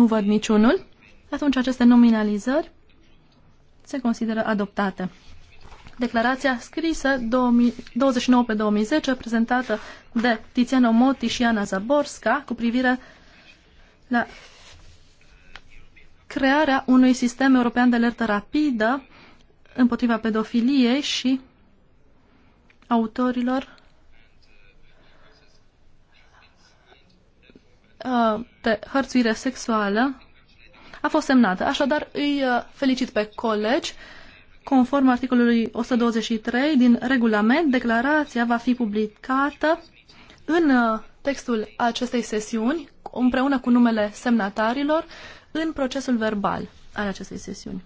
Nu văd niciunul. Atunci aceste nominalizări se consideră adoptate. Declarația scrisă 29 pe 2010, prezentată de Tiziano Moti și Ana Zaborska, cu privire la crearea unui sistem european de alertă rapidă împotriva pedofiliei și autorilor de hărțuire sexuală a fost semnată. Așadar, îi felicit pe colegi. Conform articolului 123 din regulament, declarația va fi publicată în textul acestei sesiuni, împreună cu numele semnatarilor, în procesul verbal al acestei sesiuni.